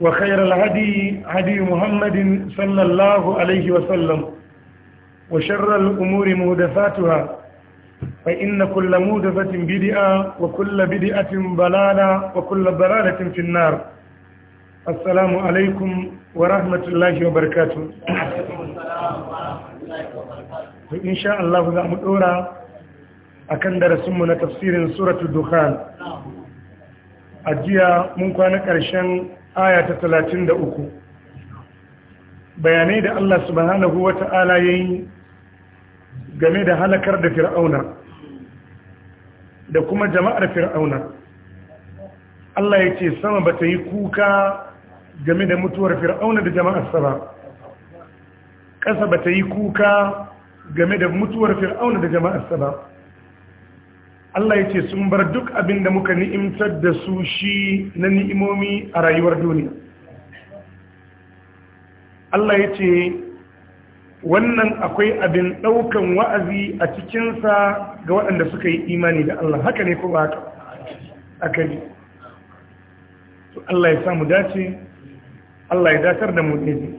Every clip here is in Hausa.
وخير الهدي هدي محمد صلى الله عليه وسلم وشر الأمور مهدفاتها فإن كل مهدفة بدئة وكل بدئة بلالة وكل بلالة في النار السلام عليكم ورحمة الله وبركاته إن شاء الله ذا مدورة أكن درسمنا تفسير سورة الدخان أجيا ممكن أن aya ta talatin da uku bayanai da Allah subhanahu wa ta'ala ya yi game da halakar da fir'auna da kuma jama'ar fir'auna Allah ya ce sama ba ta yi kuka game da mutuwar fir'auna da sa ba ƙasa ba ta yi kuka game da mutuwar fir'auna da jama'arsa ba Allah ya ce sun bar duk abin da muka ni'imtar da su shi na ni'imomi a rayuwar duniya Allah ya ce wannan akwai abin ɗaukan wa'azi a cikinsa ga waɗanda suka yi imani da Allah haka ne ko ba haka aka yi Allah ya samu dace Allah ya datar da mu daidai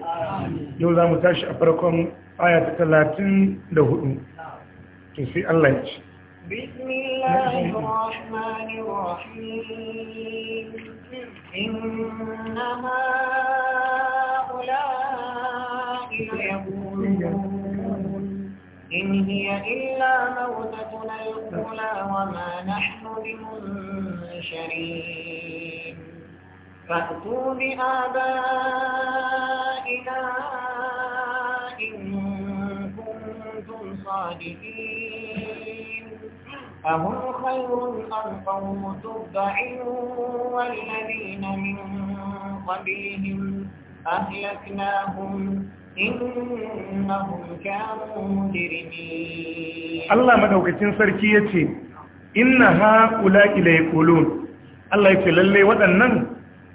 yau za mu tashi a farkon baya ta talatin da hudu to sai Allah ya ce بسم الله الرحمن الرحيم إن هؤلاء يقولون إن هي إلا موتتنا الأولى وما نحن بمنشرين فأتوا بآبائنا إن كنتم صادقين أهم خير أم قوم تبع والذين من قبلهم أهلكناهم إنهم كانوا مجرمين الله مدوكتين سركية إن هؤلاء ليقولون Allah ya ce lalle waɗannan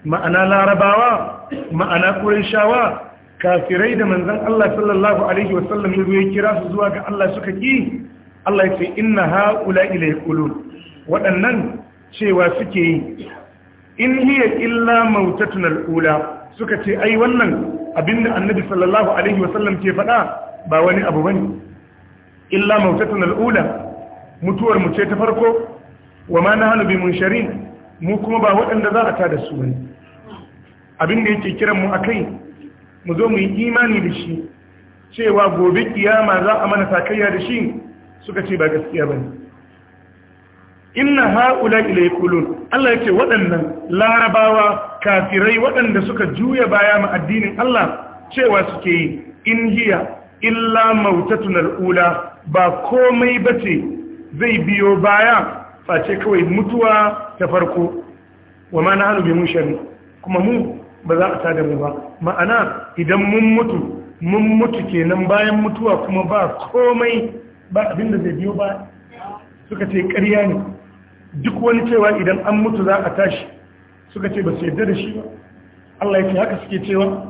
ma'ana larabawa ma'ana ƙurishawa kafirai da manzan Allah sallallahu Alaihi wasallam ya kira su zuwa ga Allah suka ƙi Allah ya ce inna haula ila ƙulu. waɗannan cewa suke yi in hiya illa mautatun al'ula suka ce ai wannan abinda annabi sallallahu alaihi wasallam ke faɗa ba wani abu bane illa mautatun al'ula mutuwar mu ce ta farko wa ma nahnu bi munsharin mu kuma ba waɗanda za a tada su bane abinda yake kiran mu akai mu zo mu yi imani da shi cewa gobe kiyama za a mana takayya da shi suka ce ba gaskiya ba ne inna ha'ula ilai kulun Allah ce waɗannan larabawa kafirai waɗanda suka juya baya ma addinin Allah cewa suke yi in hiya illa mautatun al'ula ba komai ce, zai biyo baya face kawai mutuwa ta farko wa ma nahnu bi mushari kuma mu ba za a tada mu ba ma'ana idan mun mutu mun mutu kenan bayan mutuwa kuma ba komai ba abin da zai biyo ba suka ce ƙarya ne duk wani cewa idan an mutu za a tashi suka ce ba su yadda da shi ba Allah ya ce haka suke cewa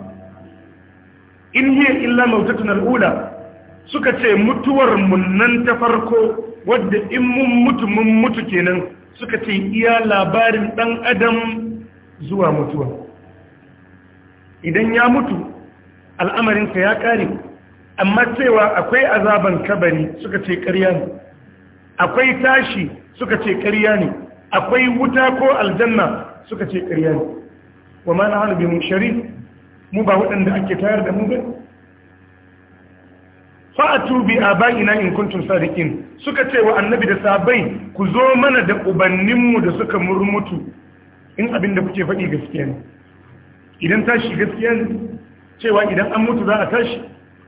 in hiyar illa tunar al'ula suka ce mutuwar nan ta farko wadda in mun mutu mun mutu kenan suka ce iya labarin ɗan adam zuwa mutuwa idan ya mutu al'amarinsa ya ƙare amma cewa akwai azaban kabari suka ce ƙarya ne akwai tashi suka ce ƙarya ne akwai wuta ko aljanna suka ce ƙarya ne wa ma na hana mu shari mu ba waɗanda ake tayar da mu ba fa'atu bi abaina in kuntun sadiqin suka ce wa annabi da sabai ku zo mana da ubanninmu da suka murmutu in abin da kuke faɗi gaskiya ne idan tashi gaskiya ne cewa idan an mutu za a tashi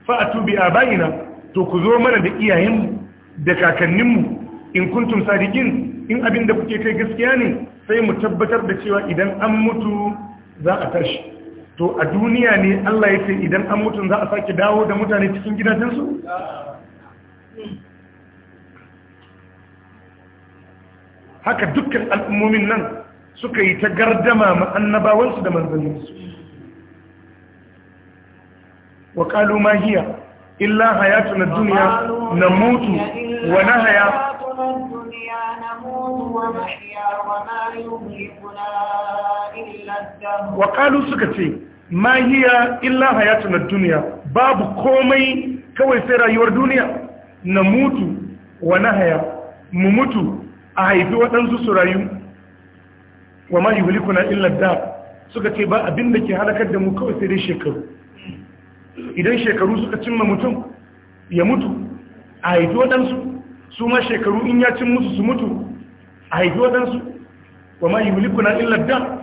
Fa tubi a bayina, to ku zo mana da iyayenmu da kakanninmu in kuntum sadikin, in abin da kuke kai gaskiya ne sai mu tabbatar da cewa idan an mutu za a tashi to a duniya ne Allah ya ce idan an mutu za a sake dawo da mutane cikin gidajensu haka dukkan al'ummomin nan suka yi ta gardama ma annabawansu da manzanninsu wa qalu ma hiya illa hayatuna dunya namutu wa nahya wa qalu suka ce ma hiya illa hayatuna dunya babu komai kawai sai rayuwar duniya namutu wa nahya mu mutu a haifi waɗansu su rayu wa ma yuhlikuna illa da suka ce ba abin da ke halakar da mu kawai sai dai shekaru idan shekaru suka cimma mutum ya mutu a haifi waɗansu su ma shekaru in ya cin musu su mutu a haifi waɗansu wa ma yi na illar da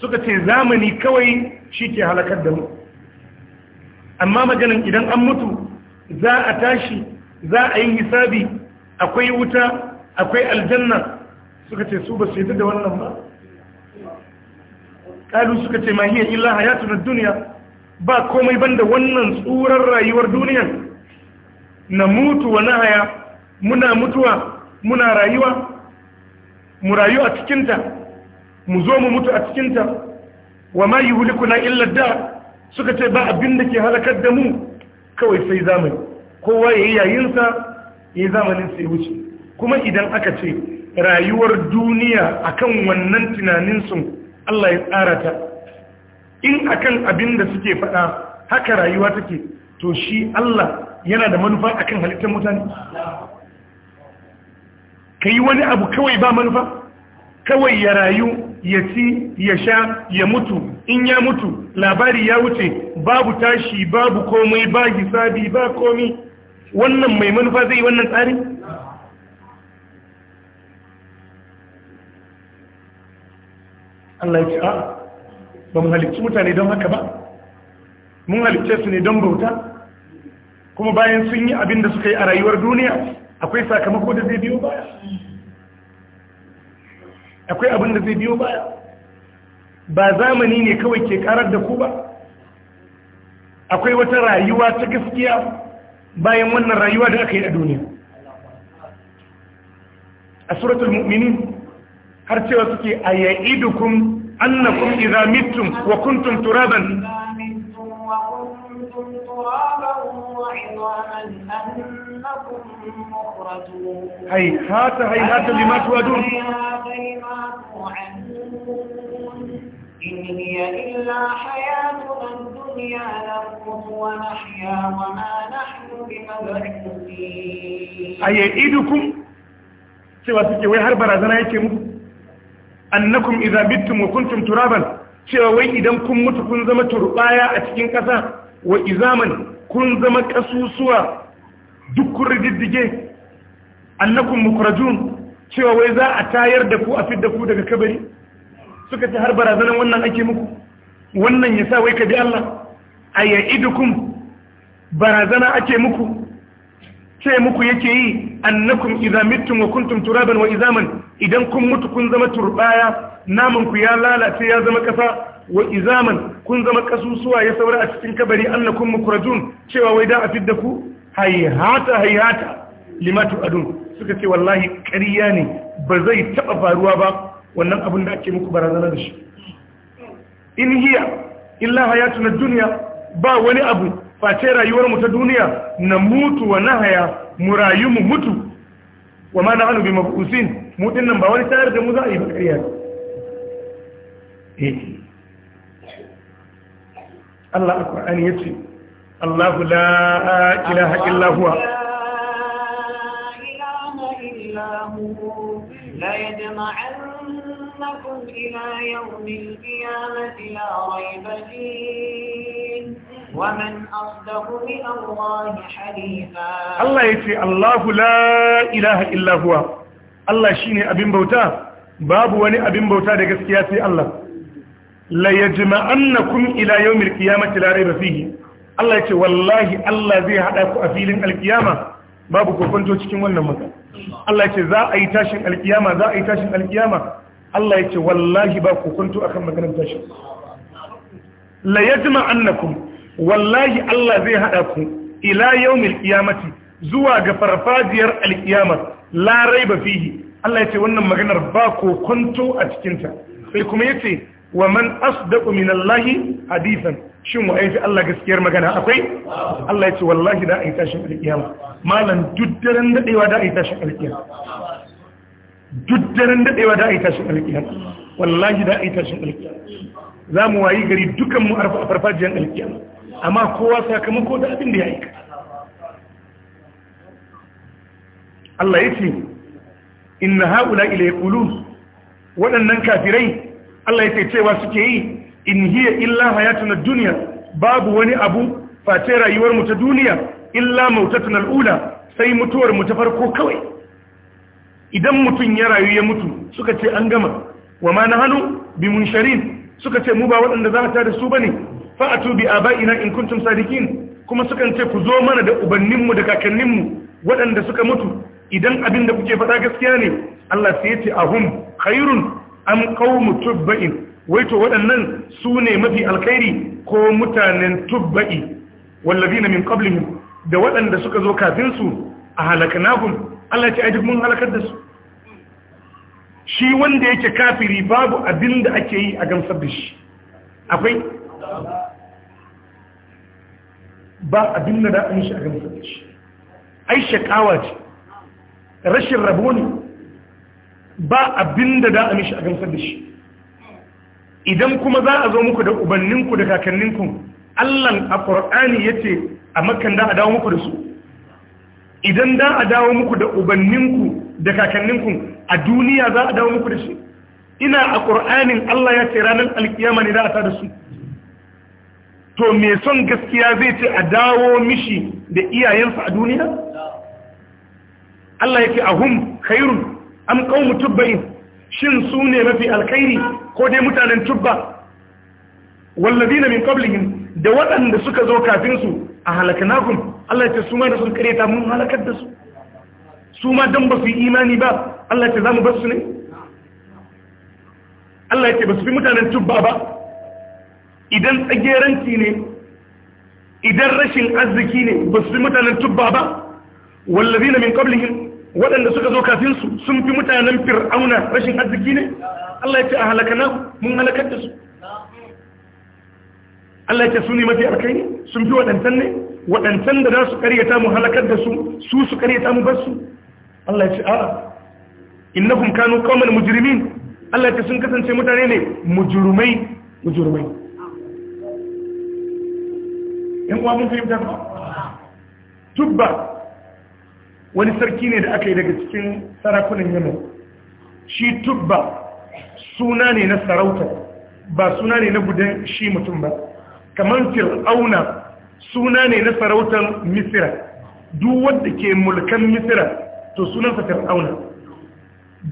suka ce zamani kawai shi ke halakar da mu amma maganin idan an mutu za a tashi za a yi hisabi akwai wuta akwai aljanna suka ce su ba su yi da wannan ba ƙalu suka ce ma hiyar illa hayatu na duniya ba komai banda wannan tsurar rayuwar duniya na mutu wa haya muna mutuwa muna rayuwa mu rayu a cikinta mu zo mu mutu a cikinta wa ma yuhlikuna illa da suka ce ba abin da ke halakar da mu kawai sai zamani kowa ya yayi yayinsa yi zamanin sai wuce kuma idan aka ce rayuwar duniya akan wannan tunanin sun Allah ya tsara ta in akan abin da suke faɗa haka rayuwa take to shi Allah yana da manufa akan halittar mutane ka yi wani abu kawai ba manufa kawai ya rayu ya ci ya sha ya mutu in ya mutu labari ya wuce babu tashi babu komai ba hisabi ba komai wannan mai manufa zai wannan tsari Allah ya ce a ba mu halicci mutane don haka ba mun halicce su ne don bauta kuma bayan sun yi abin da suka yi a rayuwar duniya akwai sakamako da zai biyo baya akwai abin da zai biyo baya ba zamani ne kawai ke karar da ku ba akwai wata rayuwa ta gaskiya bayan wannan rayuwa da aka yi a duniya a suratul mu'minin har cewa suke a ya'idukum أنكم إذا متم وكنتم ترابا هيهات هيهات ما توعدون إن هي إلا حياتنا الدنيا نموت ونحيا وما نحن بمبعوثين إيدكم سوى سكي ويهر برازنا يكي annakum idza bittum wa kuntum turaban cewa wai idan kun mutu kun zama turbaya a cikin ƙasa wa izaman kun zama kasusuwa duk kun riddige annakum mukrajun cewa wai za a tayar da ku a fidda ku daga kabari suka ce har barazanan wannan ake muku wannan yasa wai ka bi Allah kun barazana ake muku ce muku yake yi annakum idza mittum wa kuntum turaban wa izaman idan kun mutu kun zama turbaya naman ku ya lalace ya zama kasa wa izaman kun zama kasusuwa ya saura a cikin kabari annakum mukrajun cewa wai da a fidda ku hayhata hayhata limatu tu'adun suka ce wallahi ƙarya ne ba zai taba faruwa ba wannan abin da ake muku barazana da shi in hiya illa na duniya ba wani abu face rayuwar mu ta duniya na mutu wa haya. mu rayu mu mutu wa ma nahnu bi mabusin mu dinnan ba wani tayar da mu za a yi ba kariya eh. Allah alqur'ani yace Allahu la ilaha illa huwa لا يجمعنكم إلى يوم القيامة لا ريب فيه ومن أصدق من الله حديثا الله يتي الله لا إله إلا هو الله شيني أبين بوتا باب وني أبين بوتا دي قسكياتي الله لا يجمعنكم إلى يوم القيامة لا ريب فيه الله يتي والله الله زي هداك أفيلين القيامة babu kokonto cikin wannan maka Allah ya ce za a yi tashin alkiyama za a yi tashin alkiyama Allah ya ce wallahi ba kokonto akan maganar tashin la yajma annakum wallahi Allah zai haɗa ku ila yawmil qiyamati zuwa ga farfajiyar alkiyama la raiba fihi Allah yace wannan maganar ba ko kwanto a cikin ta sai kuma yace wa man asdaqu min Allah hadithan shin wa yafi Allah gaskiyar magana akwai Allah yace wallahi da ai tashin alkiyama malan duddaran dadewa da ai tashin alkiyama duddaran dadewa da ai tashin alkiyama wallahi da ai tashin alkiyama zamu wayi gari dukan mu arfa farfajiyar alkiyama amma kowa sakamako da abin da ya aika Allah ya ce inna haula ila yaqulun waɗannan kafirai Allah ya ce cewa suke yi in hiya illa hayatuna dunya babu wani abu face rayuwar mu ta duniya illa mautatuna alula sai mutuwar mu ta farko kawai idan mutun ya rayu ya mutu suka ce an gama wa ma nahanu bimunsharin suka ce mu ba waɗanda za ta da su bane fa'atu bi aba'ina in kuntum sadikin kuma sukan ce ku zo mana da ubanninmu da kakanninmu waɗanda suka mutu idan abin da kuke faɗa gaskiya ne Allah sai ya ce ahum khairun am qaumu tubba'in wai to waɗannan su ne mafi alkhairi ko mutanen tubba'i wallazina min qablihim da waɗanda suka zo kafin su a halaknahum Allah ce ai duk mun halakar da su shi wanda yake kafiri babu abin da ake yi a gamsar da shi akwai ba abin da da an shi a gamsa da shi ai shakawa ce rashin rabo ne ba abin da da an shi a gamsa da shi idan kuma za a zo muku da ubanninku da kakanninku allan a ƙor'ani ya ce a makan da a dawo muku da su idan da a dawo muku da ubanninku da kakanninku a duniya za a dawo muku da shi ina a ƙor'anin allah ya ce ranar alkiyama ne za a ta da su to me son gaskiya zai ce a dawo mishi da iyayensa a duniya Allah yake ahum khairun am qaumu tubbain shin su ne mafi alkhairi ko dai mutanen tubba walladina min qablihim da waɗanda suka zo kafin su a halakanakum Allah ya ce su ma da sun kareta mun halakar da su su ma don ba su yi imani ba Allah ya ce za mu bar su ne Allah ya ce ba su fi mutanen tubba ba idan tsageranci ne idan rashin arziki ne ba su fi mutanen tubba ba wallazi na min qablihim waɗanda suka zo kafin su sun fi mutanen fir'auna rashin arziki ne Allah ya ce a halakana mun halakar da su Allah ya ce su ne mafi arkai ne sun fi waɗantan ne waɗantan da za su karyata mu halakar da su su su karyata mu bar su Allah ya ce a'a innahum kanu qauman mujrimin Allah ya ce sun kasance mutane ne mujrumai mujrumai yan uwa mun fahimta ba tubba wani sarki ne da aka yi daga cikin sarakunan yamma shi tubba suna ne na sarauta ba suna ne na gudan shi mutum ba kamar fir'auna suna ne na sarautar misira duk wadda ke mulkan misira to sunansa fir'auna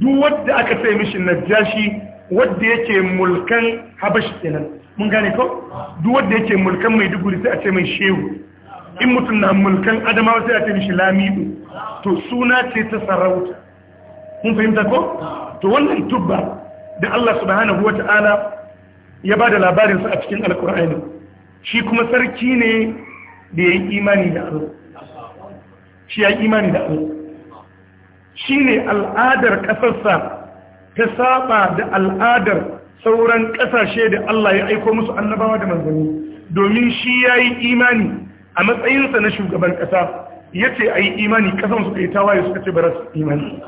duk wadda aka sai mishi jashi wadda yake mulkan habashi kenan mun gane ko duk wanda yake mulkan maiduguri sai a ce mai shehu in mutum na mulkan adamawa sai a ce mishi lamidu to suna ce ta sarauta mun fahimta ko to wannan tubba da Allah subhanahu wata'ala ya ba da labarinsa a cikin alkur'ani shi kuma sarki ne da ya imani da Allah shi ya imani da Allah shi ne al'adar ƙasarsa ta saba da al'adar sauran ƙasashe da Allah ya aiko musu annabawa da manzanni domin shi ya yi imani a matsayinsa na shugaban ƙasa ya ce a yi imani ƙasan suka yi tawaye suka ce ba su imani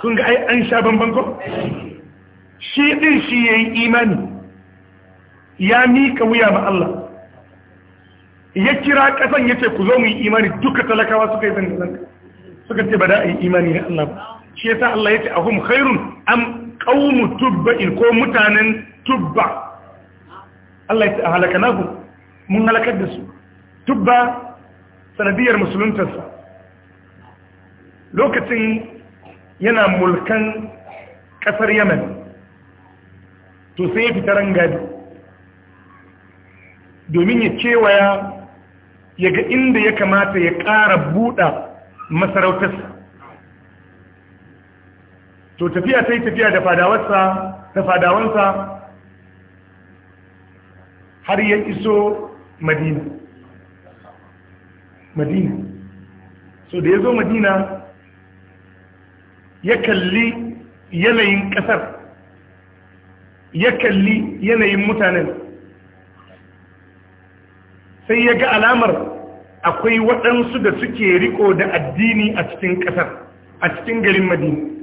Kun ga ai an sha banban ko? shi din shi ya yi imani ya mika wuya ma Allah ya kira ƙasan ya ce ku zo mu yi imani duka talakawa suka yi zanga-zanga suka ce ba da a yi imani na Allah ba shi ya Allah ya ce a hum khairun am qaumu tubba'in ko mutanen tubba Allah ya halaka nahu mun halakar da su tubba sanadiyar musuluntarsa lokacin yana mulkan ƙasar yamen to sai ya fita rangadi domin ya kewaya ya ga inda ya kamata ya ƙara buɗa masarautarsa to tafiya sai tafiya da fadawarsa da fadawansa har ya iso madina madina so da ya zo madina ya kalli yanayin kasar ya kalli yanayin mutanen sai ya ga alamar akwai waɗansu da suke riko da addini a cikin ƙasar a cikin garin madina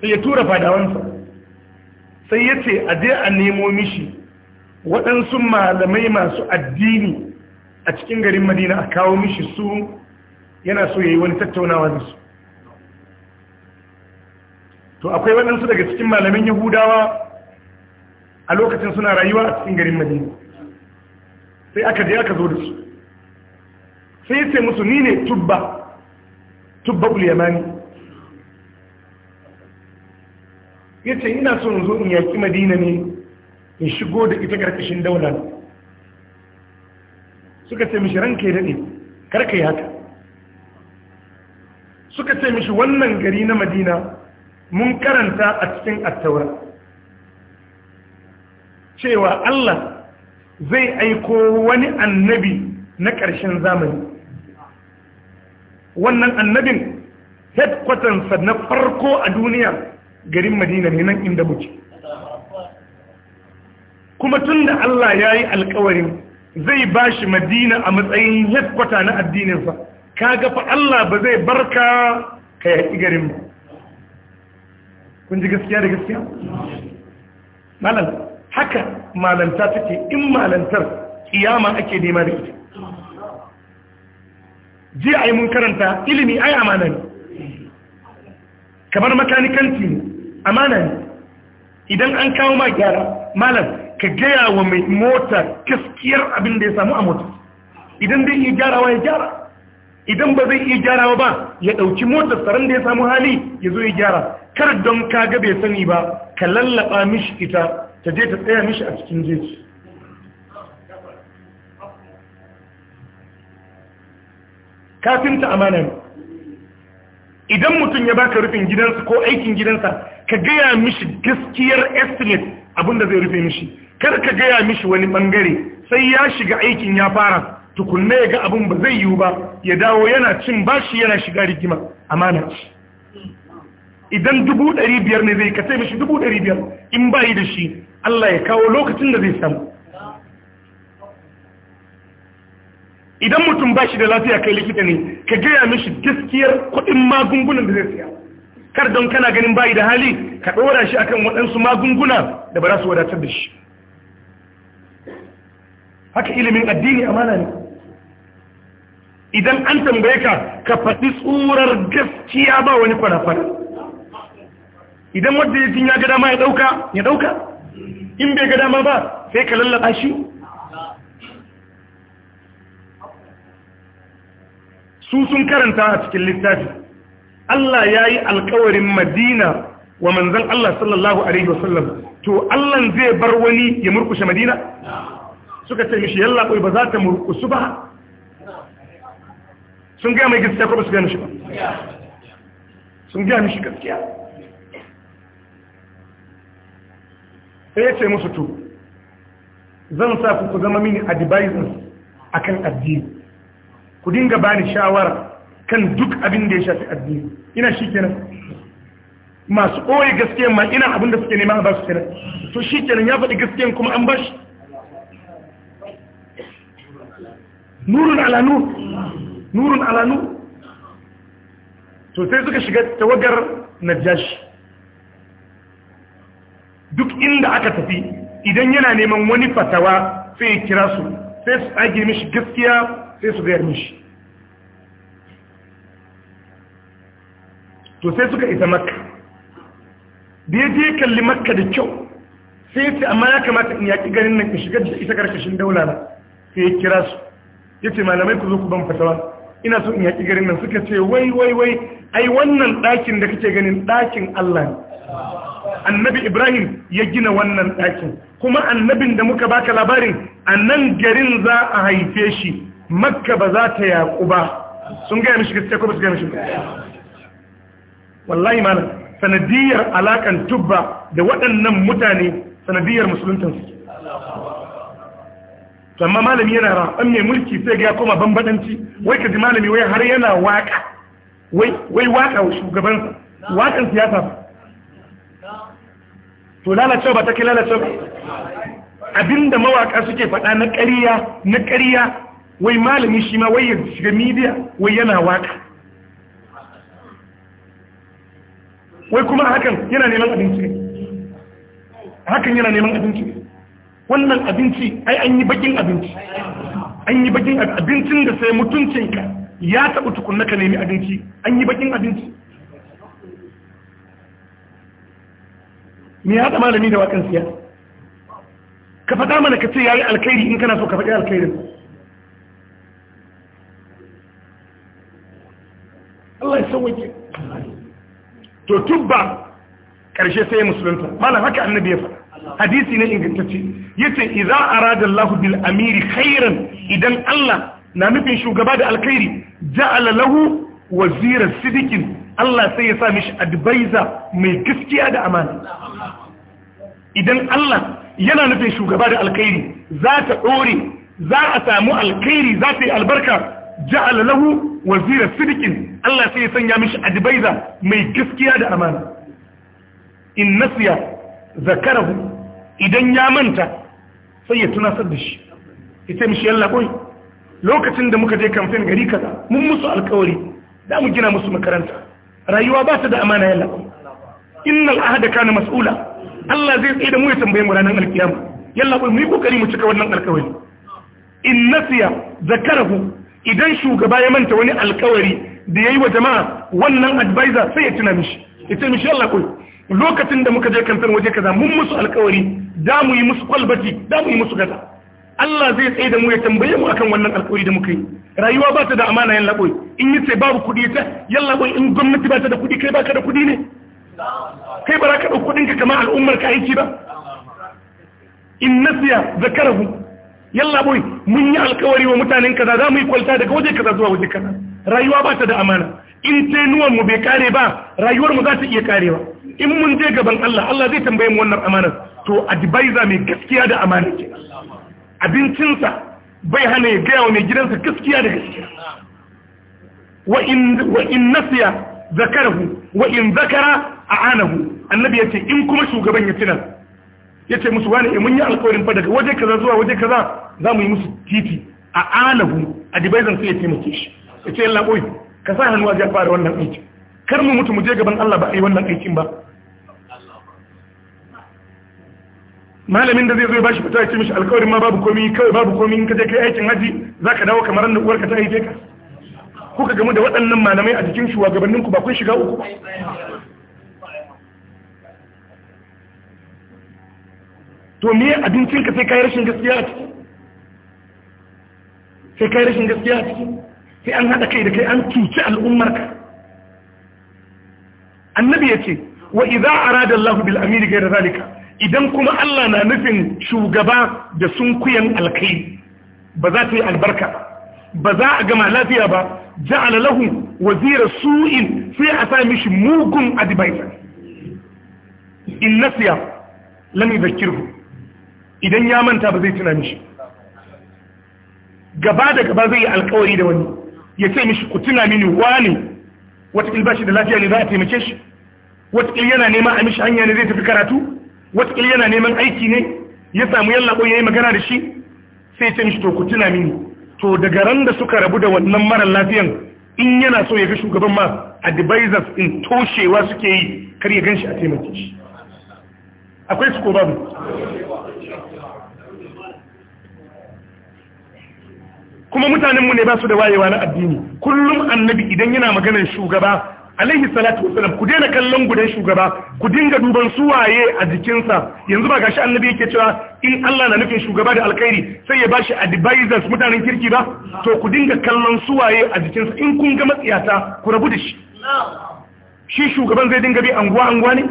sai ya tura fadawansa sai ya ce a je a nemo mishi waɗansu malamai masu addini a cikin garin madina a kawo mishi su yana so ya yi wani tattaunawa da su to akwai waɗansu daga cikin malamin yahudawa a lokacin suna rayuwa a cikin garin madina sai aka je aka zo da su sai ya ce musu ni ne tubba tubba ulyamani ya ce ina son zo in yaƙi madina ne in shigo da ita karkashin daular suka ce mishi ranka ya daɗe karka yi haka suka ce mishi wannan gari na madina mun karanta a cikin attaura cewa Allah zai aiko wani annabi na ƙarshen zamani wannan annabin headquarters na farko a duniya garin madina ne nan inda muke kuma tun da Allah ya yi alkawarin zai ba shi madina a matsayin headkwata na addininsa ka gafa Allah ba zai barka ka yaƙi garin ba kun ji gaskiya da gaskiya? malam haka malanta take in malantar kiyama ake nema da ita ji a yi mun karanta ilimi ai amana ne kamar makanikanci ne amana ne idan an kawo ma gyara malam ka gaya wa mai mota gaskiyar abin da ya samu a mota idan zai iya gyarawa ya gyara idan ba zai iya gyarawa ba ya ɗauki mota tsaron da ya samu hali ya zo ya gyara kar don kaga bai sani ba ka lallaba mishi ita ta je ta tsaya mishi a cikin jeji kafinta amana ne idan mutum ya baka rufin gidansa ko aikin gidansa ka gaya mishi gaskiyar estimate abinda zai rufe mishi kar ka gaya mishi wani bangare sai ya shiga aikin ya fara tukunna ya ga abin ba zai yiwu ba ya dawo yana cin bashi yana shiga rigima amana ce idan dubu ɗari biyar ne zai ka sai mishi dubu ɗari biyar in bayi da shi Allah ya kawo lokacin da zai samu idan mutum ba shi da lafiya kai likita ne ka gaya mishi gaskiyar kuɗin magungunan da zai siya kar don kana ganin bayi da hali ka ɗora shi akan waɗansu magunguna da ba za su wadatar da shi haka ilimin addini amana ne idan an tambaye ka ka faɗi tsurar gaskiya ba wani fara-fara idan wadda ya ya ga dama ya ɗauka ya ɗauka in bai ga dama ba sai ka lallaba shi su sun karanta a cikin littafi Allah ya yi alkawarin madina wa manzan Allah sallallahu Alaihi wasallam to Allah zai bar wani ya murkushe madina suka ce mishi yalla kawai ba za ta murkusu ba sun gaya mai gaskiya ko ba su gaya mishi ba sun gaya mishi gaskiya sai ya ce musu to zan sa ku zama mini advisors akan addini ku dinga bani shawara kan duk abin da ya shafi addini ina shi kenan masu ɓoye gaskiya ma ina abin da suke nema a basu kenan to shi kenan ya faɗi gaskiya kuma an bashi nurun ala nur nurun ala to sai suka shiga tawagar najashi duk inda aka tafi idan yana neman wani fatawa sai ya kira su sai su tsage mishi gaskiya sai su gayar mishi to sai suka isa makka da ya je kalli makka da kyau sai ya amma ya kamata in yaki garin nan ka shiga da isa karkashin daula na sai ya kira su ya ce malamai ku zo ku ban fatawa ina so in yaƙi garin nan suka ce wai wai wai ai wannan ɗakin da kake ganin ɗakin Allah ne annabi ibrahim ya gina wannan ɗakin kuma annabin da muka baka labarin a nan garin za a haife shi makka ba za ta yaƙu ba sun gaya mishi gaske ko ba su gaya mishi wallahi malam sanadiyar alakan tubba da waɗannan mutane sanadiyar musuluntan su amma malami yana raɓan mai mulki sai ga ya koma bambadanci. wai ka ji malami wai har yana waka wai waka shugabansa wakan siyasa ba to lalacewa ba ta kai lalacewa abinda mawaka suke faɗa na ƙariya na ƙariya wai malami shi ma wai ya shiga media wai yana waka wai kuma hakan yana neman abinci hakan yana neman abinci wannan abinci ai an yi bakin abinci an yi bakin abincin da sai mutuncinka ya taɓa tukunna ka nemi abinci an yi bakin abinci me ya haɗa malami da wakan siya ka faɗa mana ka ce ya yi alkhairi in kana so ka faɗi alkhairin Allah ya sauwake to tubba karshe sai musulunta malam haka annabi ya faɗa hadisi ne ingantacce yace idza arada Allahu bil amiri khairan idan Allah na nufin shugaba da alkhairi ja'ala lahu wazira sidikin Allah sai ya sa mishi advisor mai gaskiya da amana idan Allah yana nufin shugaba da alkhairi za ta dore za a samu alkhairi za ta yi albarka ja'ala lahu wazira sidikin Allah sai ya sanya mishi adibaiza mai gaskiya da amana in nasiya zakarahu idan ya manta sai ya tunasar da shi ya mishi yalla koi lokacin da muka je kamfen gari kaza mun musu alkawari da mu gina musu makaranta rayuwa ba ta da amana yalla koi innal ahada kana mas'ula Allah zai tsaye da mu ya tambaye mu ranar alkiyama yalla koi mu yi kokari mu cika wannan alkawari in nasiya zakarahu idan shugaba ya manta wani alkawari da ya yi wa jama'a wannan advisor sai ya tuna mishi ya ce mishi Allah kawai lokacin da muka je kamfen waje kaza mun musu alkawari da mu yi musu kwalbati da mu yi musu kaza Allah zai tsaye da mu ya tambaye mu akan wannan alkawari da muka yi rayuwa ba ta da amana yan laboi in yi ce babu kuɗi ta yan laboi in gwamnati ba ta da kuɗi kai baka da kuɗi ne kai ba za ka ɗau kuɗinka kamar al'ummar ka aiki ba in nasiya zakarahu yalla boy mun yi alkawari wa mutanen kaza za mu yi kwalta daga waje kaza zuwa waje kaza rayuwa ba ta da amana in tenuwan mu bai kare ba rayuwar mu za ta iya karewa in mun je gaban Allah Allah zai tambaye mu wannan amanar to advisor mai gaskiya da amana ke abincinsa bai hana ya gaya wa mai gidansa gaskiya da gaskiya wa in nasiya zakarahu wa in zakara a'anahu annabi yace in kuma shugaban ya tunar ya ce musu wani eh, mun yi alkawarin fa daga waje kaza zuwa waje kaza za mu yi musu titi a alahu a dibaizan sai ya taimake shi ya ce yalla boy ka sa hannu a fara wannan aiki kar mu mutu mu je gaban Allah ba a yi wannan aikin ba malamin da zai zo ya bashi fita ya ce mishi alkawarin ma babu komi kawai babu komi in ka je kai aikin haji za ka dawo kamar da uwarka ta haife ka kuka gamu da waɗannan malamai a cikin shugabanninku ba kun shiga uku ba to me abincin ka sai kai rashin gaskiya a ciki sai kayi rashin gaskiya a ciki sai an haɗa kai da kai an cuci al'ummar ka annabi ya ce wa idza arada Allah bil amiri ghayra zalika idan kuma Allah na nufin shugaba da sunkuyan alkai ba za ta yi albarka ba za a gama lafiya ba ja'ala lahu wazira su'in sai a sa mishi mugun adibaita in nasiya lam yadhkirhu idan ya manta ba zai tuna mishi gaba da gaba zai yi alkawari da wani ya ce mishi ku tuna mini wani watakil ba shi da lafiya ne za a taimake shi watakil yana neman a mishi hanya ne zai tafi karatu watakil yana neman aiki ne ya samu yalla ya yi magana da shi sai ya ce mishi to ku tuna mini to daga ran da suka rabu da wannan mara lafiyan in yana so ya ga shugaban ma advisors in toshewa suke yi kar ya gan shi a taimake shi akwai su ko babu kuma mutanenmu ne ba su da wayewa na addini kullum annabi idan yana maganar shugaba alaihi salatu wasalam ku daina kallon gudan shugaba ku dinga duban su waye a jikinsa yanzu ba gashi annabi yake cewa in Allah na nufin shugaba da alkhairi sai ya bashi advisors mutanen kirki ba to ku dinga kallon su waye a jikinsa in kun ga matsiyata ku rabu da shi shi shugaban zai dinga bi anguwa anguwa ne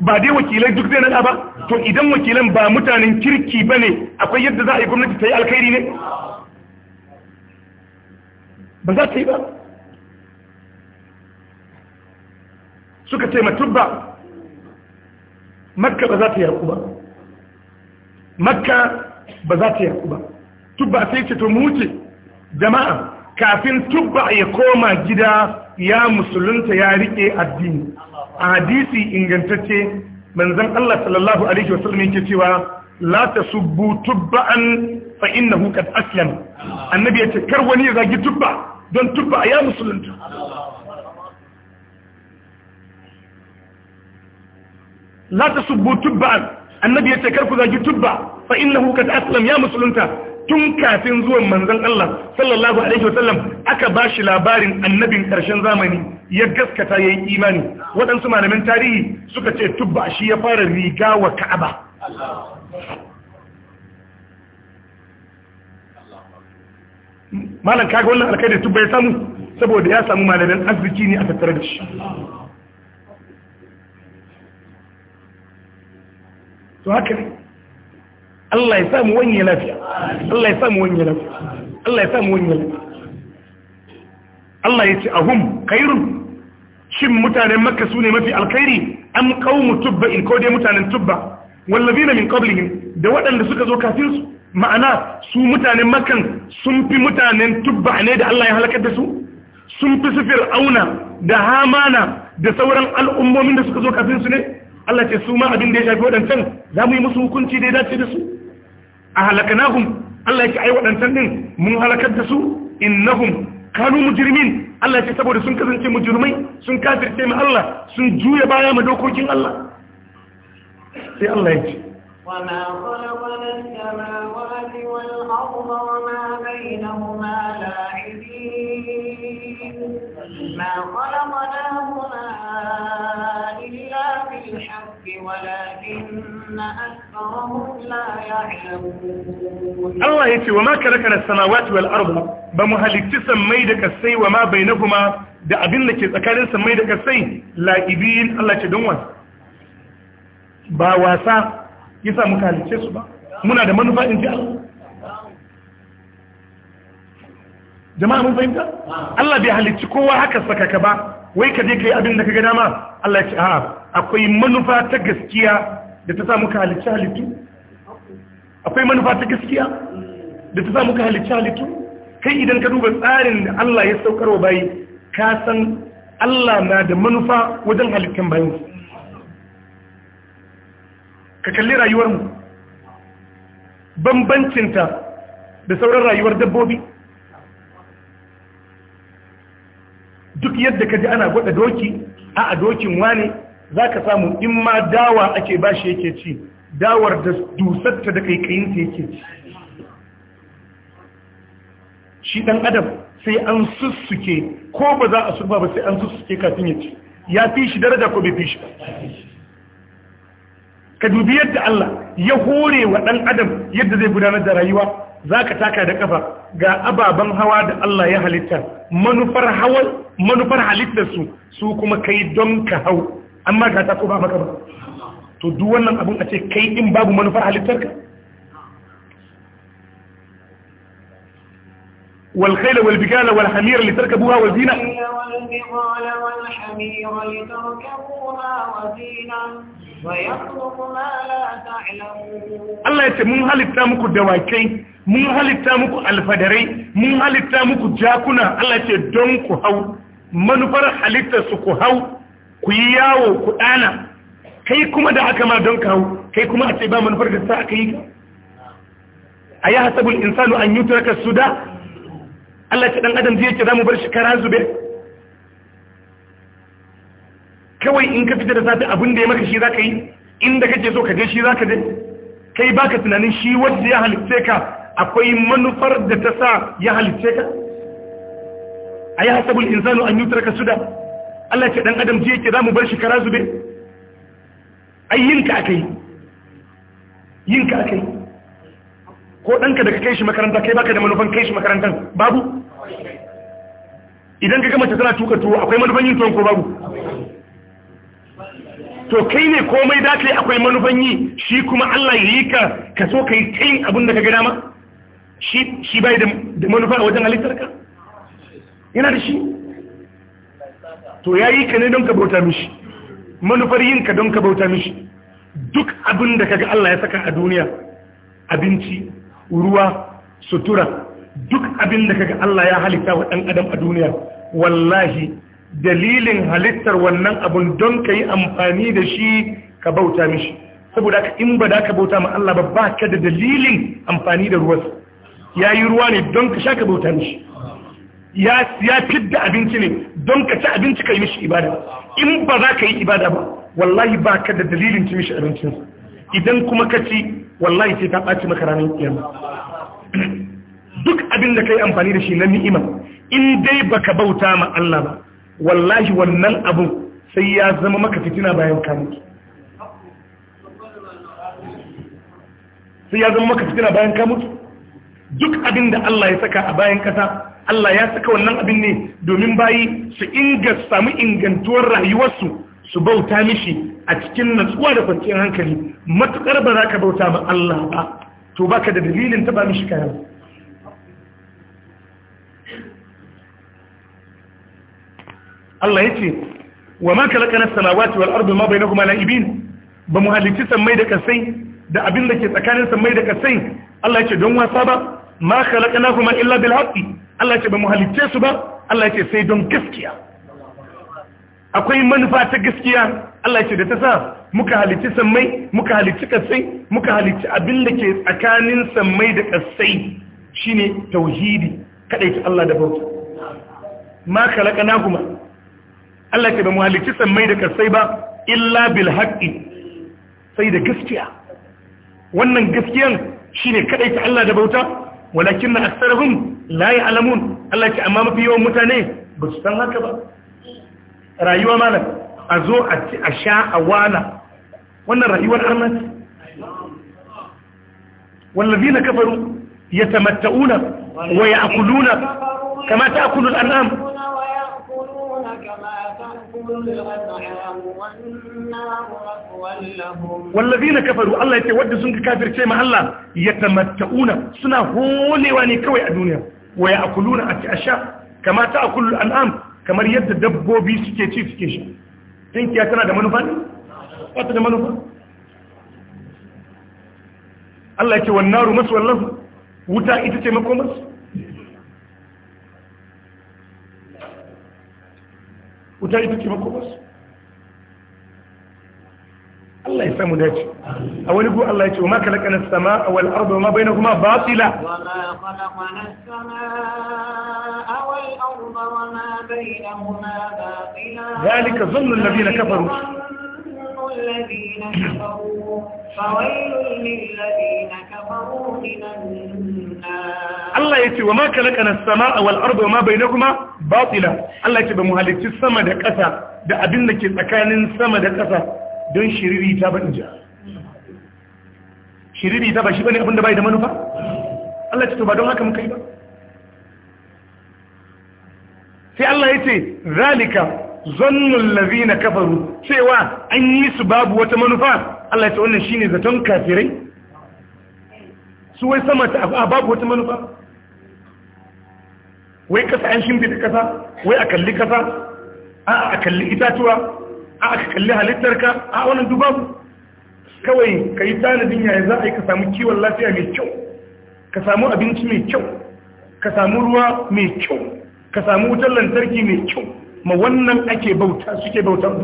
ba dai wakilai duk zai nada ba to idan wakilan ba mutanen kirki ba ne akwai yadda za a yi gwamnati ta yi alkhairi ne ba za ta yi ba suka ce matubba makka ba za ta yaku ba makka ba za ta yaku ba tubba sai ce to mu wuce jama'a kafin tubba ya koma gida ya musulunta ya rike addini a hadisi ingantacce manzon Allah sallallahu alaihi wasallam yake cewa la tasubbu tubba'an fa innahu qad aslama annabi yace kar wani ya zagi tubba don tubba ya musulunta la tasubbu tubba'an annabi yace kar ku zagi tubba fa innahu qad aslama ya musulunta tun kafin zuwan manzan Allah sallallahu alaihi wasallam aka ba shi labarin annabin ƙarshen zamani ya gaskata ya yi imani waɗansu malamin tarihi suka ce tubba shi ya fara riga wa Ka'aba malam kaga wannan alkai da tubba ya samu saboda ya samu malamin arziki ne a tattare da shi to haka ne Allah ya samu wani lafiya Allah ya samu wani lafiya Allah ya samu wani lafiya Allah ya ce ahum khairun shin mutanen makka su ne mafi alkhairi am qaumu tubba in ko dai mutanen tubba wallazina min qablihim da waɗanda suka zo kafin su ma'ana su mutanen makkan sun fi mutanen tubba ne da Allah ya halaka da su sun fi sifir auna da hamana da sauran al'ummomin da suka zo kafin su ne Allah ce su ma abin da ya shafi waɗancan za mu yi musu hukunci da ya dace da su a halakanahum Allah ya ce ai waɗancan din mun halakar da su innahum kanu mujrimin Allah ya ce saboda sun kasance mujrimai sun kafirce ma Allah sun juya baya ma dokokin Allah sai Allah ya ce وما خلقنا السماوات والأرض وما بينهما لاعبين ما خلقناهما Allah ya ce wa ma karaka da samawati wal arba ba mu halitti sammai da kasai wa ma bainahuma da abin da ke tsakanin sammai da kasai la'ibin Allah ce don wasa ba wasa yasa muka halicce ba muna da manufa in jama'a mun fahimta Allah bai halicci kowa haka saka ka ba wai ka je kai abin da kaga dama Allah ya ce a akwai manufa ta gaskiya da ta sa muka halicci halittu akwai manufa ta gaskiya da ta sa muka halicci halittu kai idan ka duba tsarin da Allah ya saukar wa bayi ka san Allah na da manufa wajen halittan bayan ka kalli rayuwar mu bambancinta da sauran rayuwar dabbobi duk yadda ka ji ana gwada doki a a dokin wane za ka samu in ma dawa ake bashi yake ci dawar da dusarta da kaikayinta yake ci shi dan adam sai an sussuke ko ba za a surba ba sai an sussuke kafin ya ci ya fi shi daraja ko bai fi shi ka dubi yadda Allah ya hore wa dan adam yadda zai gudanar da rayuwa za ka taka da kafa. ga ababen hawa da Allah ya halitta manufar hawal manufar halittarsu su su kuma kai don ka hau amma ga ta ko ba maka ba to duk wannan abun a ce kai in babu manufar halittarka والخيل والبغال والحمير لتركبوها وزينة والبغال والحمير لتركبوها وزينة Allah ya ce mun halitta muku dawakai, mun halitta muku alfadarai, mun halitta muku jakuna, Allah ce don ku hau, manufar halittarsu ku hau, ku yi yawo, ku ɗana, kai kuma da aka ma don ka hau, kai kuma ba manufar da sa aka yi ka. A yi an yi su da Allah ce ɗan adam zai yake mu bar shi kara zube kawai in ka fita da safi abin da ya maka shi za ka yi inda kake so ka je shi za ka je kai baka tunanin shi wanda ya halitta ka akwai manufar da ta sa ya halitta ka ayi hasabul insanu an yutraka suda Allah ce ɗan adam zai yake mu bar shi kara zube ai yinka akai yinka akai ko ɗanka da ka kai shi makaranta kai baka da manufan kai shi makarantar babu idan ka mace tana tuka tuwo akwai manufan yin tuwon ko babu to kai ne komai da yi akwai manufan yi shi kuma Allah ya yi ka ka so ka yi ta abin da ka gada ma shi bai da manufa a wajen halittar ka yana da shi to ya yi ka ne don ka bauta mishi manufar yin ka don ka bauta mishi duk abin da ka ga Allah ya saka a duniya abinci ruwa sutura duk abin da kaga Allah ya halitta wa ɗan adam a duniya wallahi dalilin halittar wannan abun don ka yi amfani da shi ka bauta mishi saboda ka in ba da ka bauta ma Allah ba ba ka da dalilin amfani da ruwansa ya yi ruwa ne don ka sha ka bauta mishi ya fidda abinci ne don ka ci abinci ka yi mishi ibada in ba za ka yi ibada ba wallahi ba ka da dalilin ci mishi abincinsa idan kuma ka ci wallahi sai ta ɓaci maka ranar kiyama duk abin da kai amfani da shi na ni'ima in dai baka bauta ma Allah ba wallahi wannan abu sai ya zama maka fitina bayan ka mutu sai ya zama maka fitina bayan ka mutu duk abin da Allah ya saka a bayan kasa Allah ya saka wannan abin ne domin bayi su inga samu ingantuwar rayuwarsu su bauta mishi a cikin natsuwa da kwanciyar hankali matukar ba za ka bauta ma Allah ba to baka da dalilin ta taba mishi kayan Allah ya ce wa ma kalakanar samawati wal ardu ma bainahuma la'ibin ba mu halicci sammai da kasai da abin da ke tsakanin sammai da kasai Allah ya ce don wasa ba ma kalakanahuma illa bil haqqi Allah ya ce ba mu halicce su ba Allah ya ce sai don gaskiya akwai manufa ta gaskiya Allah ya ce da ta sa muka halitti sammai muka halitti kasai muka halitti abin da ke tsakanin sammai da kasai shine tauhidi kadaita Allah da bauta ma khalaqnahuma Allah ke ba mu halitti sammai da kasai ba illa bil haqqi sai da gaskiya wannan gaskiyan shine kadaita Allah da bauta walakin na aktharuhum la ya'lamun Allah ke amma mafi yawan mutane ba su san haka ba rayuwa malam a zo a a sha a wana wannan rayuwar arnati wallazi na kafaru ya tamatta'una wa ya akuluna kama ta akulun an'am wallazi na kafaru Allah ya ce wadda sun kafirce ma Allah ya tamatta'una suna holewa ne kawai a duniya wa ya akuluna a ci a sha kama ta akulun an'am kamar yadda dabbobi suke ci suke sha tinkiya tana da manufa ne ba ta da manufa Allah ce wannan naru masu wallahu wuta ita ce makomarsu wuta ita ce makomarsu Allah ya samu dace a wani gu Allah ya ce wa ma kalakana sama a wal arba wa ma bayna kuma batila wa ma kalakana sama a wal arba wa ma bayna kuma batila zalika zannu alladhina kafaru الذين كفروا فويل للذين كفروا من النار Allah ya ce wa maka lakanar sama a wal’arba wa ma bai na kuma batila, Allah ya ce ba mu sama da ƙasa da abin da ke tsakanin sama da ƙasa don shiriri ta ba ɗinja. Shiriri ta ba shi ba ne abin da bai da manufa? Allah ya ce to ba don haka muka yi ba. Sai Allah ya ce, Zalika Zannun lazina kafaru cewa an yi su babu wata manufa Allah ya ce wannan shine zaton kafirai su wai sama ta babu wata manufa wai kasa an shimfi da kasa wai a kalli kasa a a kalli itatuwa a a kalli halittarka a wannan dubabu kawai ka yi tanadin yaya za a yi ka samu kiwon lafiya mai kyau ka samu abinci mai kyau ka samu ruwa mai kyau ka samu wutar lantarki mai kyau ma wannan ake bauta suke bautar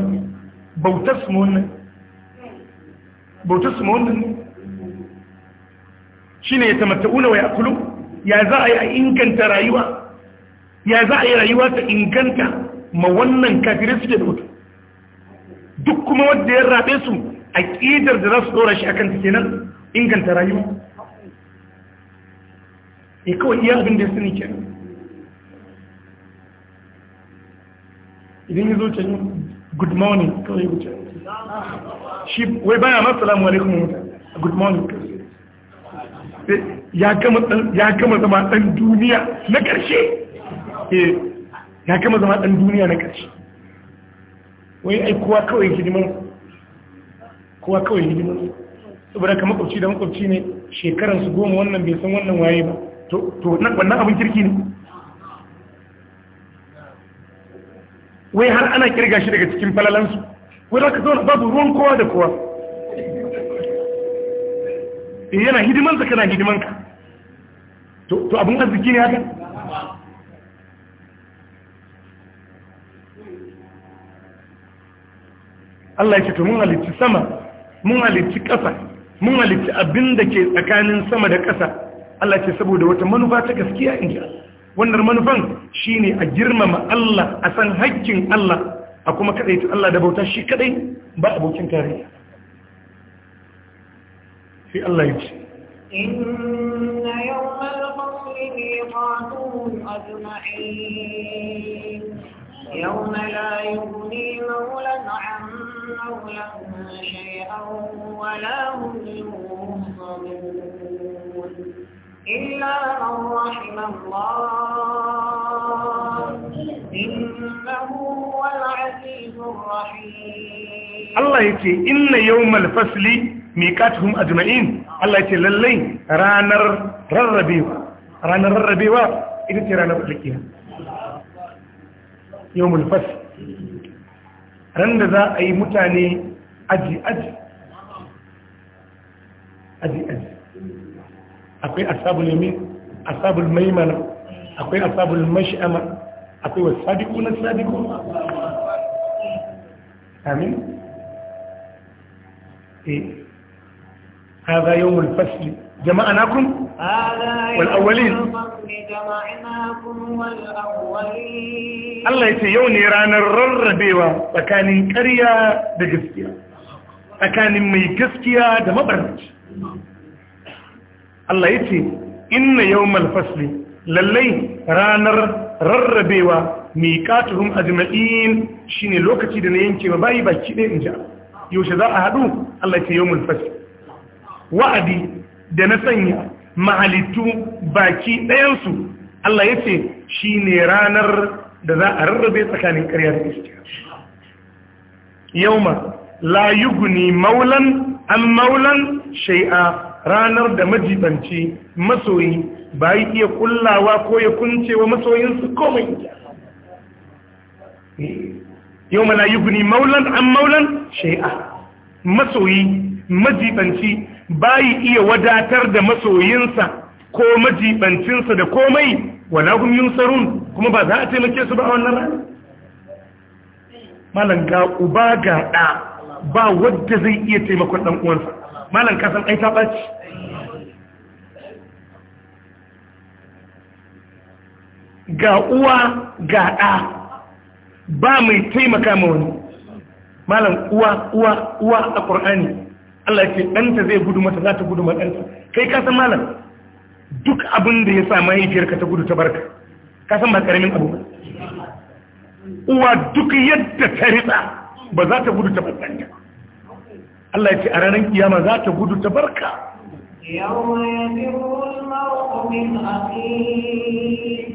bautar su wannan bautar su wannan shine ya tamatta'una wa Kulu? ya za a yi a inganta rayuwa ya za a yi rayuwa ta inganta ma wannan kafirai suke bauta duk kuma wanda ya rabe su a ƙidar da za su ɗora shi akan take nan inganta rayuwa e kawai iya abin da ya sani kenan idan yi zo yi good morning kawai wuce shi wai baya ma salamu alaikum mutane good morning ya kama eh, zama dan duniya na karshe eh, ya kama zama dan duniya na karshe wai ai kowa kawai hidiman kowa kawai hidiman saboda ka makwabci da makwabci ne shekaransu goma wannan bai san wannan waye ba to wannan abin kirki ne wai har ana kirga shi daga cikin falalansu wai za ka zauna babu ruwan kowa da kowa eh, yana hidimansa kana hidimanka to abin arziki ne haka Allah ya ce to mun halicci sama mun halicci ƙasa mun halicci abin da ke tsakanin sama da ƙasa Allah ce saboda wata manufa ta gaskiya in ji Allah wannan manufan shine a girmama Allah a san haƙƙin Allah a kuma kaɗai ta Allah da bauta shi kadai ba abokin tarayya sai Allah ya ce inna yawmal fasli miqatun ajma'in yawma la yughni mawlan 'an mawlan shay'an wa la hum yunqadun إلا من رحم الله إنه هو العزيز الرحيم الله يقول إن يوم الفصل ميقاتهم أجمعين الله يقول للي رانر رربيو رانر رربيو إذا ترانر لكيها يوم الفصل ran da za a yi mutane aji-aji aji-aji akwai ashabul yamin ashabul maimana akwai ashabul mash'ama akwai wasadiquna sadiqun amin eh هذا يوم الفصل جمعناكم والأولين Allah ya ce yau ne ranar rarrabewa tsakanin ƙarya da gaskiya, tsakanin mai gaskiya da mabarnaci. Allah ya ce inna yawmal fasli lallai ranar rarrabewa miqatuhum ajma'in shine lokaci da na yanke ba bayi baki dai inja yaushe za a haɗu Allah ya ce yawmal fasli wa'adi da na sanya mahalittu baki ɗayansu Allah ya ce shine ranar da za a rarrabe tsakanin ƙarya da gaskiya yauma la yuguni maulan an maulan shai'a ranar da majibanci masoyi ba yi iya kullawa ko ya kuncewa masoyinsu komai eh, yau mana yi guni maulan an maulan shai'a masoyi majibanci ba yi iya wadatar da masoyinsa ko majibancinsa da komai wala yin sarun kuma ba za a taimake su ba a wannan rana malam uba ga ɗa ba wadda zai iya taimakon ɗan uwansa malan kasan ai ta ɓaci ga uwa ga ɗa ba mai taimaka ma wani malan uwa uwa uwa a ƙur'ani Allah ce ɗanta zai gudu mata za ta gudu ma ɗanta kai kasan malam duk abin da ya sa mahaifiyarka ta gudu ta barka kasan ba ƙaramin abu ba uwa duk yadda ta ritsa ba za ta gudu ta barka Allah ya ce a ranar kiyama za ta gudu ta barka يوم يفر المرء من أخيه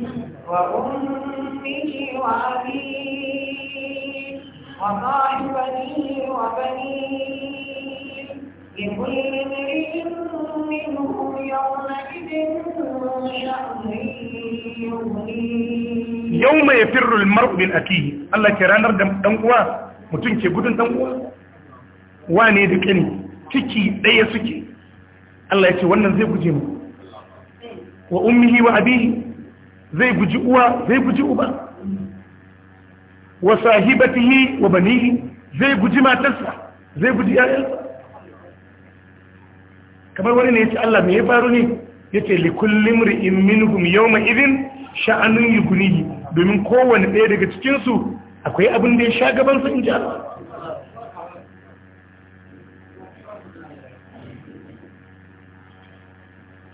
وأمه وأبيه وصاحبته وبنيه لكل امرئ منهم يومئذ يوم يفر المرء من أخيه الله كرانا دم دم mutum ke gudun wane da ƙani ciki ɗaya suke Allah ya ce wannan zai guje mu wa ummihi wa abihi zai guji uwa zai guji uba wa sahibatihi wa banihi zai guji matarsa zai guji yayansa kamar wani ne ya ce Allah me ya faru ne ya ce kullum ri'in minhum yawma idin sha'anun yugunihi domin kowane ɗaya daga cikinsu akwai abin da ya sha gabansa in ji Allah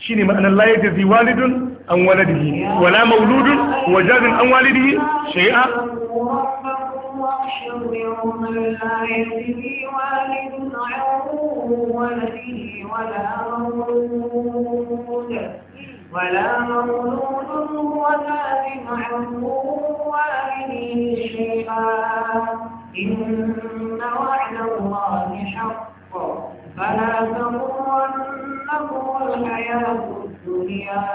shine ma'anar la yajzi walidun an waladihi wala mauludun huwa jazin an walidihi shay'a يوم لا يجزي والد عن ولده ولا مولود ولا مولود هو جاز عن والده شيئا إن وعد الله حق فلا تغرن تغرنكم الحياة الدنيا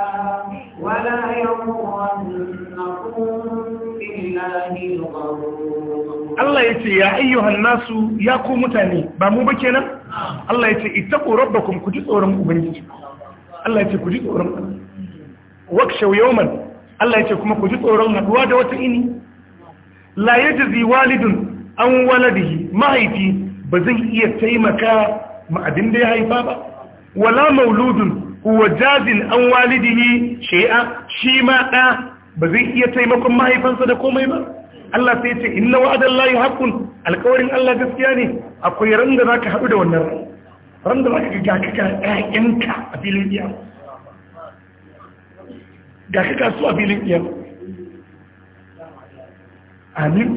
ولا يغرنكم Allah ya ce ya ayyuhan nasu ya ku mutane ba mu ba kenan Allah ya ce ita ittaqu rabbakum ku ji tsoron ubangiji Allah ya ce ku ji tsoron wakshaw yawman Allah ya ce kuma ku ji tsoron haduwa da wata ini la yajzi walidun an waladihi mahaifi ba zai iya taimaka ma abin da ya haifa ba wala mauludun huwa jazin an walidihi shay'a shi ma da ba zai iya taimakon mahaifansa da komai ba Allah sai ce inna wa'adallahi haqqun alƙawarin Allah gaskiya ne akwai ran da zaka haɗu da wannan ran da zaka ga kaka ƴaƴanka a filin iya ga kaka su a filin iya amin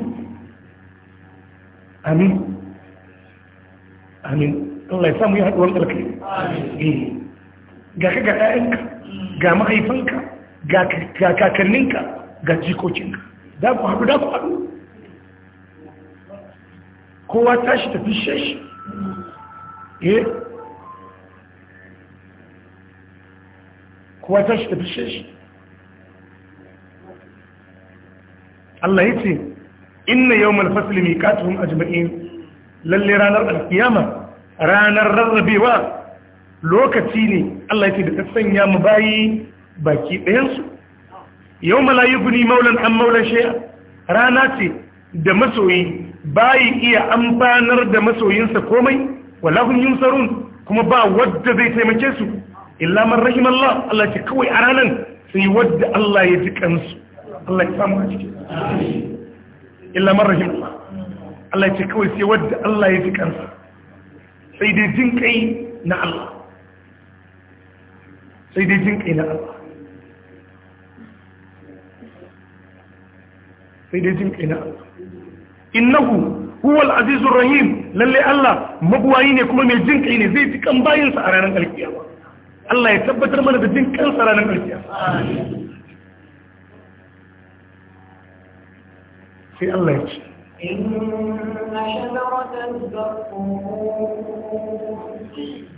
amin amin الله يسامو يهد وانقلك آمين جاكا جاكا انك جا مخيفنك جاكا كننك جا جيكوشنك داكو حدو داكو حدو كوا تاش تفشش ايه كوا تاش تفشش الله يتي إن يوم الفصل ميكاتهم أجمعين للي رانر القيامة ranar rarrabewa lokaci ne Allah ya ce da ta sanya mu bayi baki ɗayansu yau malayiku ni maulan an maulan shaya rana ce da masoyi bayi iya amfanar da masoyinsa komai walahun yin sarun kuma ba wadda zai taimake su illa man rahim Allah Allah ce kawai a ranan sai wadda Allah ya ji kansu Allah ya samu a ciki illa man rahim Allah Allah ce kawai sai wadda Allah ya ji kansa sai dai jin kai na Allah sai dai jin kai na Allah sai dai jin kai na Allah innahu huwa al-aziz rahim lalle Allah magwayi ne kuma mai jin kai ne zai ji kan bayinsa a ranar alkiyama Allah ya tabbatar mana da jin kansa ranar alkiyama amin sai Allah ya ce إن شجرة الزقوم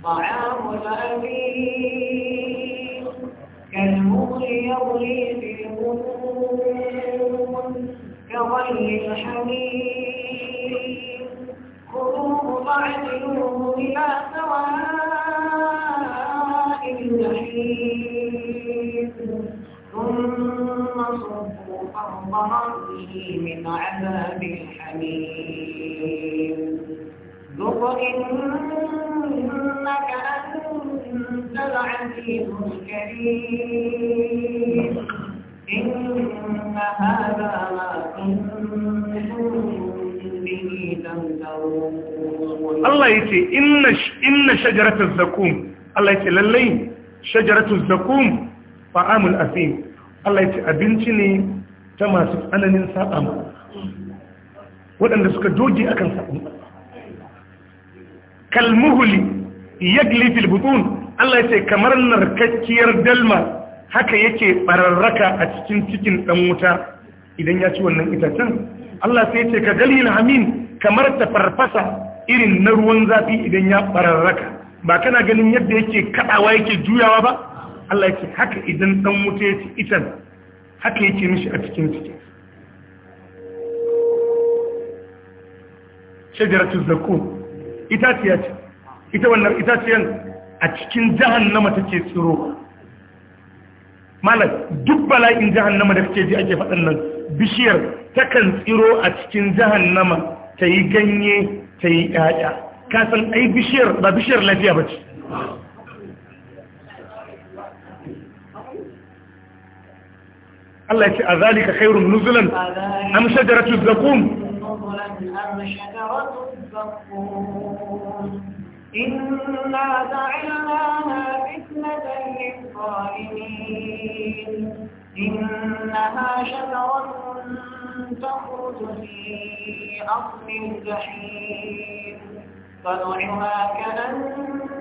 طعام الأمين كالمغل يغلي في البطون كغلي الحميم من عذاب الحميم ذق إنك أنت العزيز الكريم إن هذا ما الله يتي إن إن شجرة الزكوم الله يتي للي شجرة الزكوم طعام الأثيم الله يتي أبنتني ta masu tsananin saba ma waɗanda suka doge akan saɓon kalmuhuli yagli fil Allah ya ce kamar narkakkiyar dalma haka yake ɓararraka a cikin cikin ɗan wuta idan ya ci wannan itacen Allah sai ce ka na amin kamar ta farfasa irin na ruwan zafi idan ya ɓararraka ba kana ganin yadda yake kaɗawa yake juyawa ba Allah ya ce haka idan ɗan wuta ya ci itan haka yake mishi a cikin ciki shajaratu zakum itaciya ce ita wannan itaciyan a cikin jahannama take tsiro malam duk bala'in jahannama da kake ji ake faɗan nan bishiyar takan tsiro a cikin jahannama ta yi ganye ta yi ƴaƴa ka san ai bishiyar ba bishiyar lafiya ba ce Allah ya ce a zalika khairun nuzulan أم شجرة الزقوم إنا جعلناها فتنة للظالمين إنها شجرة تخرج في أصل الجحيم طلعها كأنه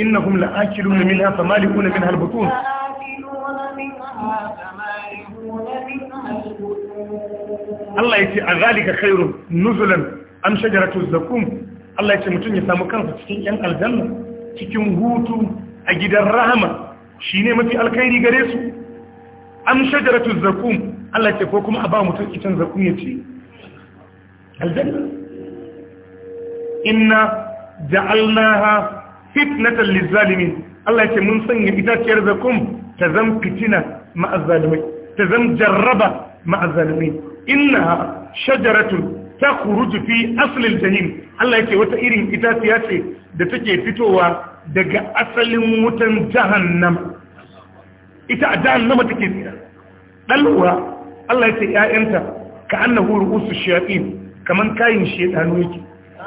إنهم لآكلون منها فمالئون منها البطون Allah ya ce a zalika khairun nuzulan am shajaratu zakum Allah ya ce mutum ya samu kansa cikin yan aljanna cikin hutu a gidan rahama shine mafi alkhairi gare su am shajaratu zakum Allah ya ce ko kuma a ba mutum ya aljanna inna ja'alnaha fitnatan lizzalimin Allah yake mun sanya itaciyar zakum ta zam fitina ma'azzalimai ta zam jarraba ma'azzalimai inna shajaratun ta kuruju fi asalin jahim Allah yake wata irin itaciya ce da take fitowa daga asalin wutan jahannama ita a jahannama take tsira dalwa Allah yake 'ya'yanta ka annahu ru'usu shayatin kaman kayin shedanu yake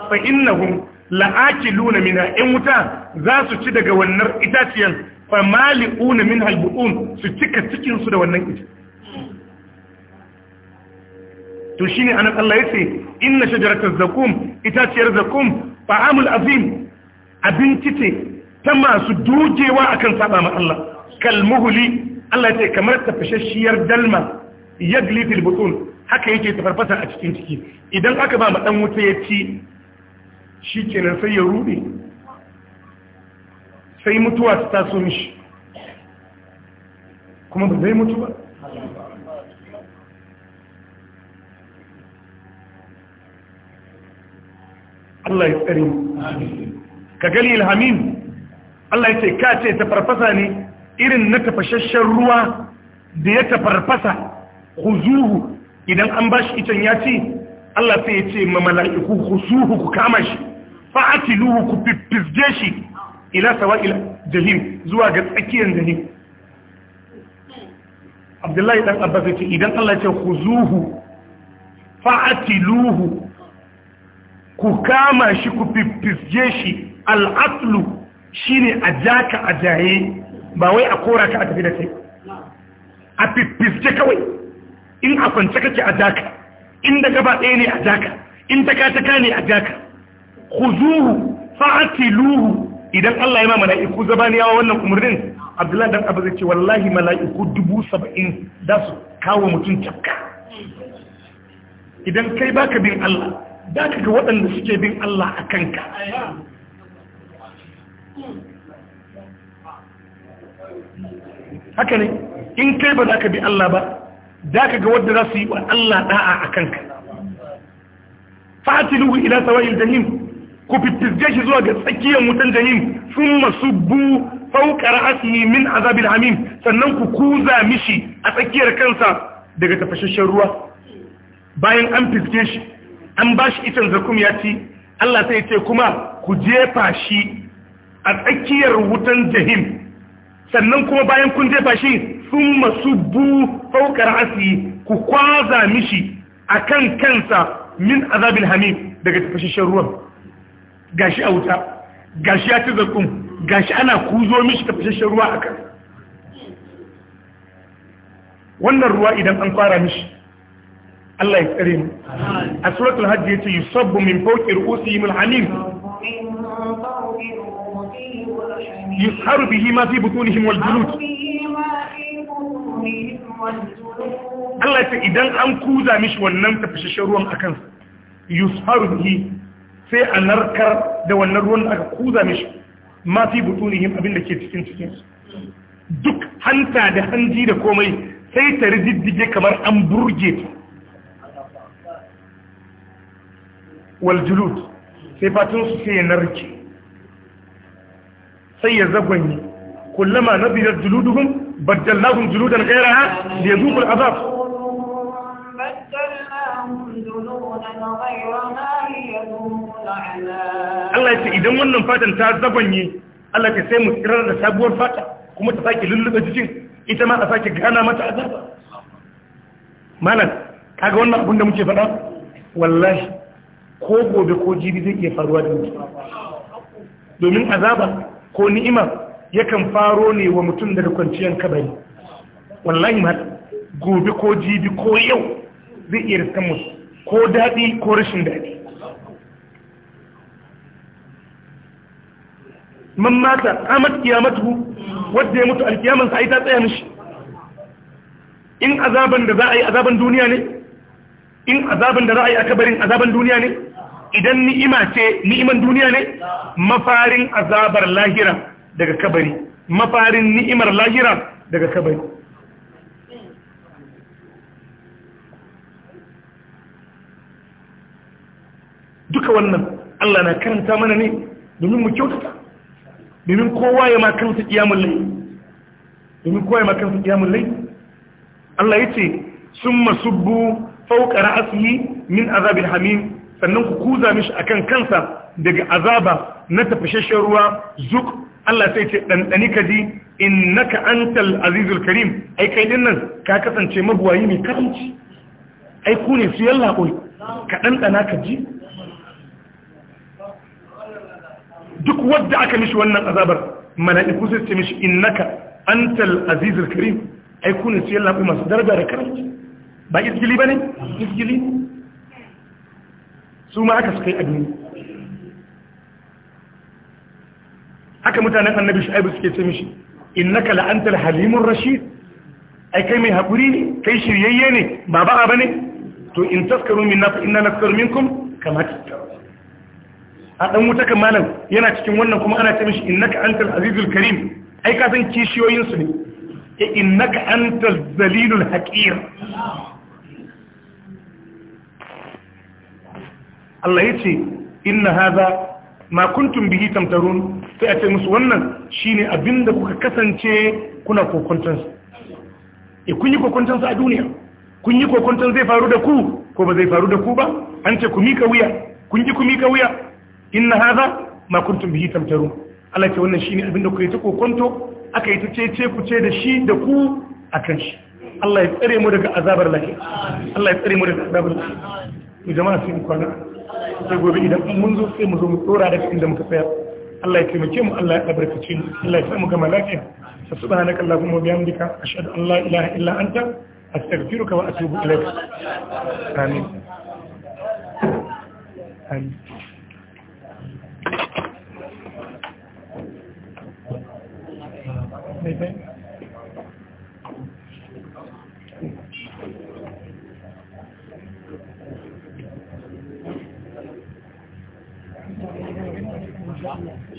fa innahum la'akiluna minha in wuta za su ci daga wannan itaciyan fa mali'una minha al su cika cikin su da wannan itaciyan to shine anan Allah yace inna shajaratal zakum itaciyar zakum fa'amul azim abinci ce ta masu dugewa akan saba ma Allah kalmuhuli Allah yace kamar tafashashiyar dalma yagli fil butun haka yake tafarfasa a cikin ciki idan aka ba ma dan wuta ya ci shi kenan sai ya rube sai mutuwa ta taso mishi kuma ba zai mutu ba Allah ya tsari ka gani ilhamin Allah ya ce ka ce tafarfasa ne irin na tafashashen ruwa da ya tafarfasa huzuhu idan an bashi itan ya ce Allah sai ya ce ma mala'iku khusuhu ku kama shi fa luhu ku fiffizge shi ila sawa'il jahim zuwa ga tsakiyar jahim Abdullahi ɗan Abbas ce idan Allah ce ce khuzuhu fa luhu ku kama shi ku fiffizge shi al'atlu shine a jaka a jaye ba wai a kora ka a tafi da kai a fiffizge kawai in a kwance kake a jaka inda gaba ɗaya ne a jaka in taka-taka ne a jaka khuzuhu fa'atiluhu idan Allah ya ma mala'iku zabaniyawa wannan umarnin abdullahi dan abu zai ce wallahi mala'iku dubu saba'in da su kawo mutum cakka idan kai baka bin Allah da ka ga waɗanda suke bin Allah a kanka haka ne in kai ba za ka bi Allah ba za ka ga wadda za su yi wa Allah da'a a kanka fatiluhu ila sawa'il jahim ku fitirge shi zuwa ga tsakiyar wutan jahim sun masu bu fauka ra'asihi min azabil hamim sannan ku kuza mishi a tsakiyar kansa daga tafashashen ruwa bayan an fiske shi an ba shi itan zakum ya ci Allah sai ce kuma ku jefa shi a tsakiyar wutan jahim sannan kuma bayan kun jefa shi sun masubbu faukar asi ku kwaza mishi akan kansa min azabin hamid daga tafashishen ruwan gashi a wuta gashi ya ci zakun gashi ana kuzo mishi tafashishen ruwa a wannan ruwa idan an fara mishi Allah ya tsare mu a suratul hajji yace yusabbu min fawqi ru'usihim al-hamim yusharu bihi ma fi butunihim wal julud Allah ya ce idan an kuza mishi wannan tafashashen ruwan a kansa yusharu bihi sai a narkar da wannan ruwan da aka kuza mishi ma fi butunihim abin da ke cikin cikin duk hanta da hanji da komai sai ta rididdige kamar an burge ta waljulut sai fatin su sai ya narke sai ya zagwanye كلما نبيت جلودهم بدلناهم جلودا غيرها ليذوقوا العذاب الله يتي إذا من فاتن تعذبني الله يتي مسكرنا لسابور فاتا كما تفاكي للغة جين إذا ما أفاكي غانا ما تعذب ما نت كاقوا أنه أبونا مجيبنا والله كوبو بكو جيبي ذي يفروا دومين عذابا كوني إمام yakan faro ne wa mutum daga kwanciyar kabari wallahi ma gobe ko jibi ko yau zai iya rikta musu ko daɗi ko rashin daɗi man mata amat kiyamatu wadda ya mutu alkiyamansa ai ta tsaya mishi in azaban da za a yi azaban duniya ne in azaban da za a yi a kabarin azaban duniya ne idan ni'ima ce ni'iman duniya ne mafarin azabar lahira daga kabari mafarin ni'imar lahira daga kabari duka wannan Allah na karanta mana ne domin mu kyautata domin kowa ya makansa kiyamun lai domin kowa ya makansa kiyamun lai Allah ya ce sun masubbu fauka ra'asihi min azabin hamim sannan ku kuza mishi akan kansa daga azaba na tafashashen ruwa zuk Allah sai ce ɗanɗani ka ji innaka antal azizul karim ai kai din nan ka kasance mabuwayi mai karanci ai ku ne su yalla koi ka ɗanɗana ka ji duk wadda aka mishi wannan azabar mala'iku sai ce mishi in innaka antal azizul karim ai ku ne su yalla koi masu daraja da karanci ba isgili bane isgili su ma aka suka yi a duniya haka mutanen annabi shu'aibu suke ce mishi innaka la antal halimur rashid ai kai mai hakuri ne kai shiryayye ne ba ba'a bane to in taskaru minna fa inna naskaru minkum kama taskaru a dan wuta kan malam yana cikin wannan kuma ana ce mishi innaka antal azizul karim ai ka san kishiyoyin su ne e innaka antal zalilul haqir Allah yace inna hadha ma kuntum bihi tamtarun sai a ce musu wannan shine abinda kuka kasance kuna kokonton e kun yi kokonton a duniya kun yi kokontan zai faru da ku ko ba zai faru da ku ba an ce ku mika wuya kun yi ku mika wuya inna haza ma kuntum bihi tamtarun Allah ce wannan shine abinda kuka yi ta kokonto aka yi ta cece ku ce da shi da ku kan shi Allah ya tsare mu daga azabar lahi Allah ya tsare mu daga azabar lahi jama'a sai mu kwana sai gobe idan mun zo sai mu zo mu tsora daga da muka tsaya Allah ya taimake mu Allah ya albarkace mu Allah ya sa mu gama lafiya subhanaka allahumma bihamdika ashhadu an la ilaha illa anta astaghfiruka wa atubu ilaik amin amin Thank you. Schlaf.